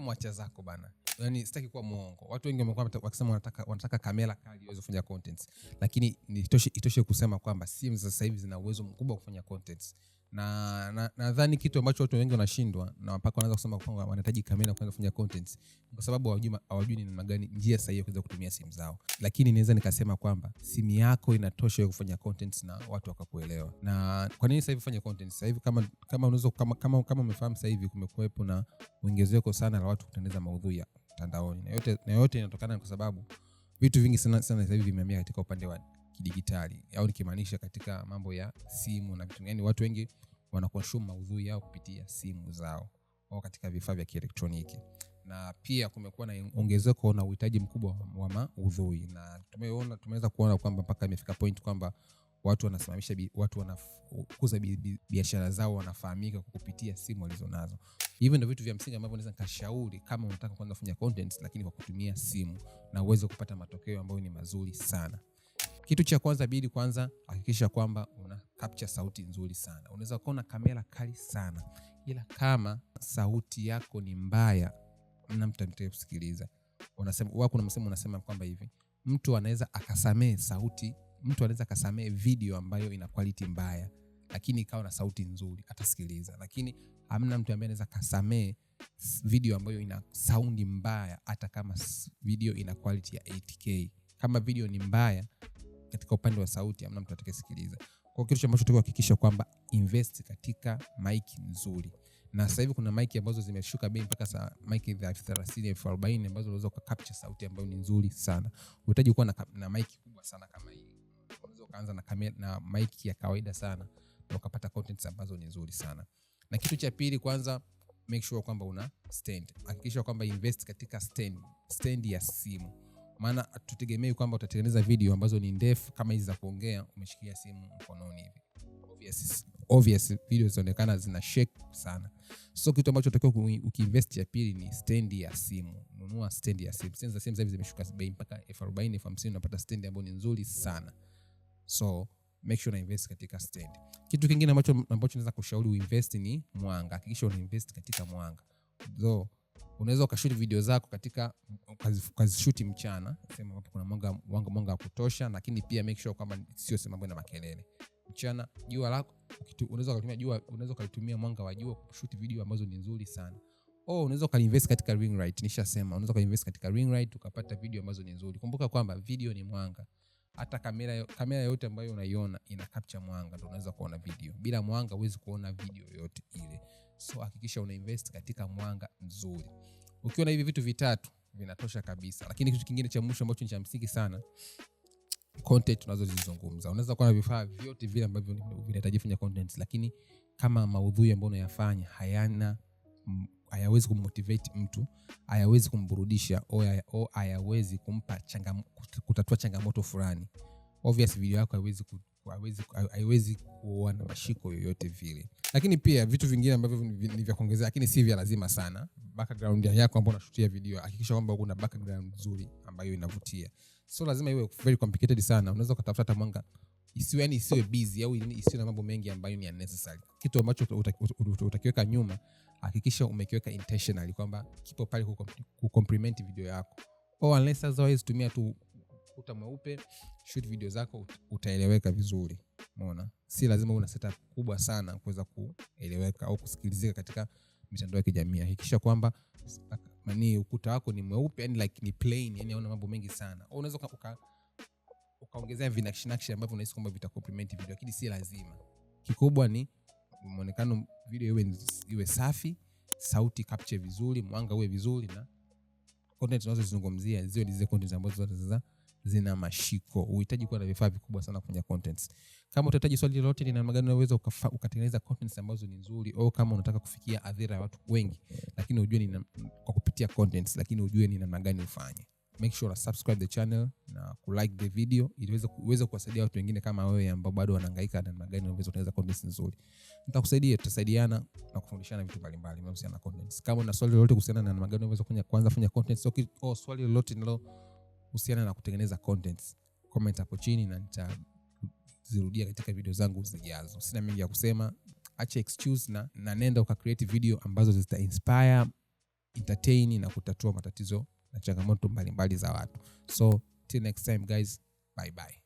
mwacha zako bana yani sitaki kuwa mwongo watu wengi wamekuwa wakisema wanataka, wanataka kamera kali iweze kufanya contents lakini itoshe, itoshe kusema kwamba simu za sasa hivi zina uwezo mkubwa wa kufanya contents na nadhani na kitu ambacho watu wengi wanashindwa na mpaka wanaanza kusema kwamba wanahitaji kamera kuanza kufanya content kwa sababu hawajui hawajui ni namna gani njia sahihi ya kuweza kutumia simu zao, lakini niweza nikasema kwamba simu yako inatosha ya kufanya content na watu wakakuelewa. Na kwa nini sasa hivi fanya content sasa hivi? Kama kama unaweza kama kama, kama umefahamu sasa hivi kumekuwepo na ongezeko sana la watu kutengeneza maudhui ya mtandaoni, na yote na yote inatokana kwa sababu vitu vingi sana sana sasa hivi vimehamia katika upande wa kidigitali au nikimaanisha katika mambo ya simu na vitu, yani watu wengi wanakonsumu maudhui yao kupitia simu zao au katika vifaa vya kielektroniki na pia kumekuwa na ongezeko na uhitaji mkubwa wa maudhui na tumeona tumeweza kuona kwamba mpaka imefika point kwamba watu wanasimamisha watu wanakuza biashara zao wanafahamika kupitia simu walizonazo hivyo ndio vitu vya msingi ambavyo naweza nikashauri kama unataka kwanza kufanya content lakini kwa kutumia simu na uweze kupata matokeo ambayo ni mazuri sana kitu cha kwanza bidi kwanza hakikisha kwamba una capture sauti nzuri sana, unaweza kuwa na kamera kali sana, ila kama sauti yako ni mbaya, mna mtu anataka kusikiliza. Unasema wao, kuna msemo unasema kwamba hivi mtu anaweza akasamee sauti, mtu anaweza akasamee video ambayo ina quality mbaya, lakini ikawa na sauti nzuri, atasikiliza. Lakini hamna mtu ambaye anaweza kasamee video ambayo ina saundi mbaya, hata kama video ina quality ya 8K. Kama video ni mbaya katika upande wa sauti amna mtu atakayesikiliza. Kwa kitu ambacho tunataka kuhakikisha kwamba invest katika mic nzuri. Na sasa hivi kuna mic ambazo zimeshuka bei mpaka saa mic za elfu thelathini, elfu arobaini ambazo unaweza ukakapcha sauti ambayo ni nzuri sana. Unahitaji kuwa na, na mic kubwa sana kama hii. Unaweza ukaanza na kamera na mic ya kawaida sana na ukapata contents ambazo ni nzuri sana. Na kitu cha pili kwanza make sure kwamba una stand. Hakikisha kwamba invest katika stand, stand ya simu maana tutegemei kwamba utatengeneza video ambazo ni ndefu kama hizi za kuongea umeshikilia simu mkononi hivi. Obvious, video zinaonekana zina shake sana. So kitu ambacho unatakiwa ukiinvest ya pili ni stand ya simu. Nunua stand ya simu. Stand za simu sasa zimeshuka bei mpaka elfu arobaini, elfu hamsini unapata stand ambayo ni nzuri sana. So make sure una invest katika stand. Kitu kingine ambacho ambacho naweza kushauri uinvest ni mwanga. Hakikisha una invest katika mwanga. Though unaweza ukashuti video zako katika ukazishuti mchana kuna mwanga mwanga wa kutosha, lakini pia make sure kwamba sio sehemu ambayo makelele. Mchana jua lako unaweza ukalitumia mwanga wa jua kushuti video ambazo ni nzuri sana. Oh, unaweza ukainvest katika ring nishasema unaweza ukainvest katika ring ukapata video ambazo ni nzuri. Kumbuka kwamba video ni mwanga hata kamera yoyote ambayo unaiona ina capture mwanga, ndo unaweza kuona video. Bila mwanga huwezi kuona video yoyote ile so hakikisha una invest katika mwanga mzuri. Ukiwa na hivi vitu vitatu vinatosha kabisa. Lakini kitu kingine cha mwisho ambacho ni cha msingi sana, content unazozizungumza. Unaweza kuwa na vifaa vyote vile ambavyo vinahitaji kufanya content, lakini kama maudhui ambayo unayafanya hayana hayawezi kummotivate mtu, hayawezi kumburudisha au hayawezi kumpa changam, kutatua changamoto fulani obvious video yako haiwezi haiwezi kuoa na mashiko yoyote vile lakini pia vitu vingine ambavyo ni vya kuongezea lakini si vya lazima sana background yako ambao unashutia video hakikisha kwamba kuna background nzuri ambayo inavutia so lazima iwe very complicated sana unaweza ukatafuta hata mwanga isiwe yani isiwe busy au isiwe na mambo mengi ambayo ni unnecessary kitu ambacho utakiweka nyuma hakikisha umekiweka intentionally kwamba kipo pale kucomplement video yako or unless otherwise tumia tu ukuta mweupe shoot video zako utaeleweka vizuri mona si lazima una setup kubwa sana kuweza kueleweka au kusikilizika katika mitandao ya kijamii hakikisha kwamba mani ukuta wako ni mweupe yani like ni plain yani hauna mambo mengi sana au unaweza uka, ukaongezea uka vinakshinakishi ambavyo unahisi kwamba vitakomplement video lakini si lazima kikubwa ni mwonekano video iwe, iwe safi sauti capture vizuri mwanga uwe vizuri na content unazozizungumzia ziwe ni zile content ambazo zote za zina mashiko uhitaji kuwa na vifaa vikubwa sana kufanya contents kama utahitaji swali lolote ni namna unaweza ukatengeneza contents ambazo ni nzuri au kama unataka kufikia adhira ya watu wengi lakini ujue ni kwa kupitia contents lakini ujue ni namna gani ufanye make sure subscribe the channel na kulike the video ili uweze kuwasaidia watu wengine kama wewe ambao bado wanahangaika na namna gani unaweza kutengeneza contents nzuri. Nitakusaidia, tutasaidiana na kufundishana vitu mbalimbali kuhusiana na contents. Kama una swali lolote kuhusiana na namna gani unaweza kufanya kwanza fanya contents au swali lolote linalo kuhusiana na kutengeneza contents comment hapo chini na nitazirudia katika video zangu zijazo sina mengi ya kusema acha excuse na, na nenda ukacreate video ambazo zita inspire entertain na kutatua matatizo na changamoto mbalimbali za watu so till next time guys bye bye